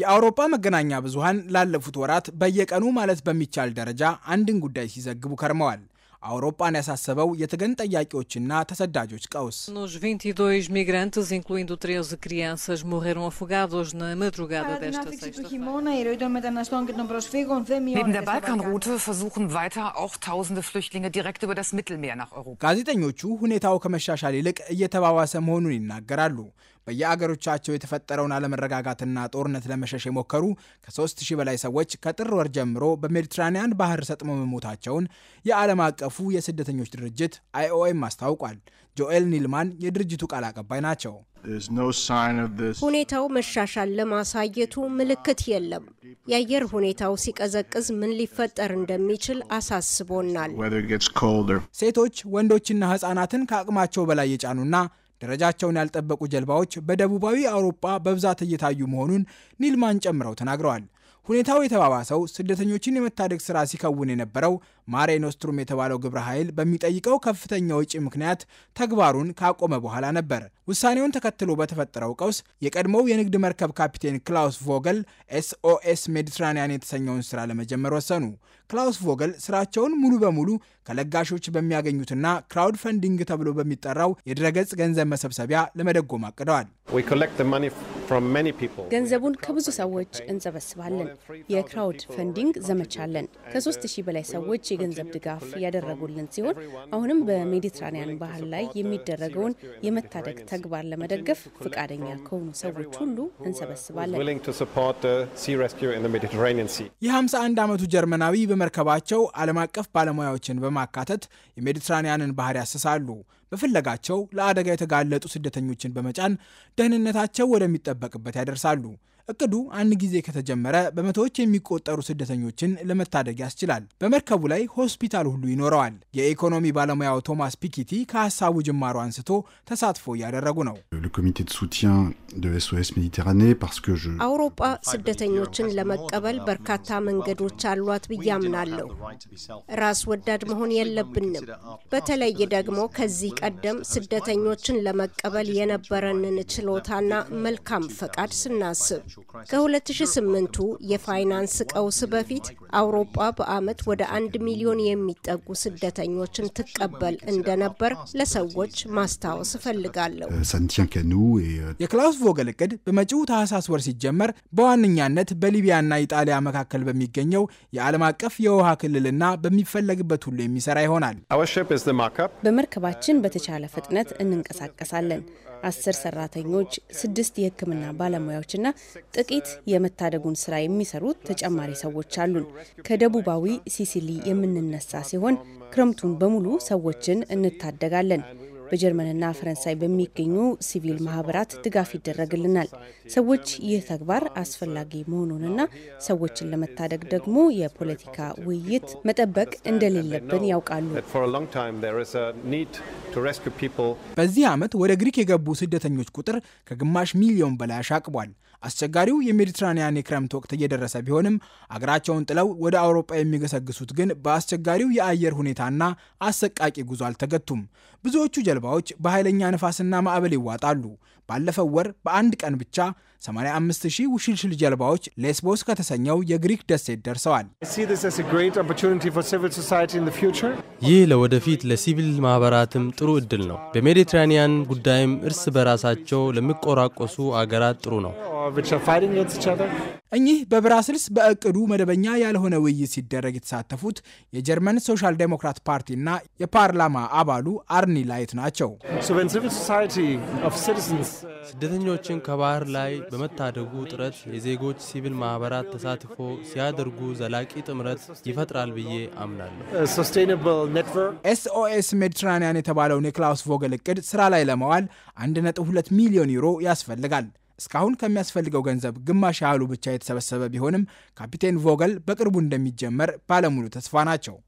የአውሮፓ መገናኛ ብዙኃን ላለፉት ወራት በየቀኑ ማለት በሚቻል ደረጃ አንድን ጉዳይ ሲዘግቡ ከርመዋል። አውሮፓን ያሳሰበው የተገን ጠያቂዎችና ተሰዳጆች ቀውስ e ጋዜጠኞቹ ሁኔታው ከመሻሻል ይልቅ እየተባባሰ መሆኑን ይናገራሉ። በየአገሮቻቸው የተፈጠረውን አለመረጋጋትና ጦርነት ለመሸሽ የሞከሩ ከሦስት 3000 በላይ ሰዎች ከጥር ወር ጀምሮ በሜዲትራኒያን ባህር ሰጥሞ መሞታቸውን የዓለም አቀፉ የስደተኞች ድርጅት አይኦኤም አስታውቋል። ጆኤል ኒልማን የድርጅቱ ቃል አቀባይ ናቸው። ሁኔታው መሻሻል ለማሳየቱ ምልክት የለም። የአየር ሁኔታው ሲቀዘቅዝ ምን ሊፈጠር እንደሚችል አሳስቦናል። ሴቶች ወንዶችና ህጻናትን ከአቅማቸው በላይ የጫኑና ደረጃቸውን ያልጠበቁ ጀልባዎች በደቡባዊ አውሮፓ በብዛት እየታዩ መሆኑን ኒልማን ጨምረው ተናግረዋል። ሁኔታው የተባባሰው ስደተኞችን የመታደግ ስራ ሲከውን የነበረው ማሬ ኖስትሩም የተባለው ግብረ ኃይል በሚጠይቀው ከፍተኛ ወጪ ምክንያት ተግባሩን ካቆመ በኋላ ነበር። ውሳኔውን ተከትሎ በተፈጠረው ቀውስ የቀድሞው የንግድ መርከብ ካፒቴን ክላውስ ቮገል ኤስኦኤስ ሜዲትራኒያን የተሰኘውን ስራ ለመጀመር ወሰኑ። ክላውስ ቮገል ስራቸውን ሙሉ በሙሉ ከለጋሾች በሚያገኙትና ክራውድ ፈንዲንግ ተብሎ በሚጠራው የድረገጽ ገንዘብ መሰብሰቢያ ለመደጎም አቅደዋል። ገንዘቡን ከብዙ ሰዎች እንሰበስባለን። የክራውድ ፈንዲንግ ዘመቻ አለን። ከሶስት ሺህ በላይ ሰዎች የገንዘብ ድጋፍ ያደረጉልን ሲሆን አሁንም በሜዲትራኒያን ባህር ላይ የሚደረገውን የመታደግ ተግባር ለመደገፍ ፈቃደኛ ከሆኑ ሰዎች ሁሉ እንሰበስባለን። የ51 ዓመቱ ጀርመናዊ በመርከባቸው ዓለም አቀፍ ባለሙያዎችን በማካተት የሜዲትራኒያንን ባህር ያስሳሉ። በፍለጋቸው ለአደጋ የተጋለጡ ስደተኞችን በመጫን ደህንነታቸው ወደሚጠ የሚጠበቅበት ያደርሳሉ። እቅዱ አንድ ጊዜ ከተጀመረ በመቶዎች የሚቆጠሩ ስደተኞችን ለመታደግ ያስችላል። በመርከቡ ላይ ሆስፒታል ሁሉ ይኖረዋል። የኢኮኖሚ ባለሙያው ቶማስ ፒኪቲ ከሀሳቡ ጅማሮ አንስቶ ተሳትፎ እያደረጉ ነው። አውሮጳ ስደተኞችን ለመቀበል በርካታ መንገዶች አሏት ብዬ አምናለሁ። ራስ ወዳድ መሆን የለብንም። በተለይ ደግሞ ከዚህ ቀደም ስደተኞችን ለመቀበል የነበረንን ችሎታና መልካም ፈቃድ ስናስብ ከ2008ቱ የፋይናንስ ቀውስ በፊት አውሮጳ በአመት ወደ አንድ ሚሊዮን የሚጠጉ ስደተኞችን ትቀበል እንደነበር ለሰዎች ማስታወስ እፈልጋለሁ። የክላውስ ቮገል እቅድ በመጪው ታህሳስ ወር ሲጀመር በዋነኛነት በሊቢያና ኢጣሊያ መካከል በሚገኘው የዓለም አቀፍ የውሃ ክልልና በሚፈለግበት ሁሉ የሚሰራ ይሆናል። በመርከባችን በተቻለ ፍጥነት እንንቀሳቀሳለን። አስር ሰራተኞች፣ ስድስት የሕክምና ባለሙያዎችና ጥቂት የመታደጉን ስራ የሚሰሩት ተጨማሪ ሰዎች አሉን። ከደቡባዊ ሲሲሊ የምንነሳ ሲሆን ክረምቱን በሙሉ ሰዎችን እንታደጋለን። በጀርመንና ፈረንሳይ በሚገኙ ሲቪል ማህበራት ድጋፍ ይደረግልናል። ሰዎች ይህ ተግባር አስፈላጊ መሆኑንና ሰዎችን ለመታደግ ደግሞ የፖለቲካ ውይይት መጠበቅ እንደሌለብን ያውቃሉ። በዚህ ዓመት ወደ ግሪክ የገቡ ስደተኞች ቁጥር ከግማሽ ሚሊዮን በላይ አሻቅቧል። አስቸጋሪው የሜዲትራኒያን የክረምት ወቅት እየደረሰ ቢሆንም አገራቸውን ጥለው ወደ አውሮፓ የሚገሰግሱት ግን በአስቸጋሪው የአየር ሁኔታና አሰቃቂ ጉዞ አልተገቱም። ብዙዎቹ ጀልባ ጀልባዎች በኃይለኛ ንፋስና ማዕበል ይዋጣሉ። ባለፈው ወር በአንድ ቀን ብቻ 85 ሺህ ውሽልሽል ጀልባዎች ሌስቦስ ከተሰኘው የግሪክ ደሴት ደርሰዋል። ይህ ለወደፊት ለሲቪል ማኅበራትም ጥሩ ዕድል ነው። በሜዲትራኒያን ጉዳይም እርስ በራሳቸው ለሚቆራቆሱ አገራት ጥሩ ነው። እኚህ በብራስልስ በእቅዱ መደበኛ ያልሆነ ውይይት ሲደረግ የተሳተፉት የጀርመን ሶሻል ዴሞክራት ፓርቲና የፓርላማ አባሉ አርኒ ላይት ናቸው። uh, ስደተኞችን ከባህር ላይ በመታደጉ ጥረት የዜጎች ሲቪል ማህበራት ተሳትፎ ሲያደርጉ ዘላቂ ጥምረት ይፈጥራል ብዬ አምናለሁ። ኤስኦኤስ uh, ሜዲትራንያን የተባለውን የክላውስ ቮገል እቅድ ስራ ላይ ለመዋል 1.2 ሚሊዮን ዩሮ ያስፈልጋል። እስካሁን ከሚያስፈልገው ገንዘብ ግማሽ ያህሉ ብቻ የተሰበሰበ ቢሆንም ካፒቴን ቮገል በቅርቡ እንደሚጀመር ባለሙሉ ተስፋ ናቸው።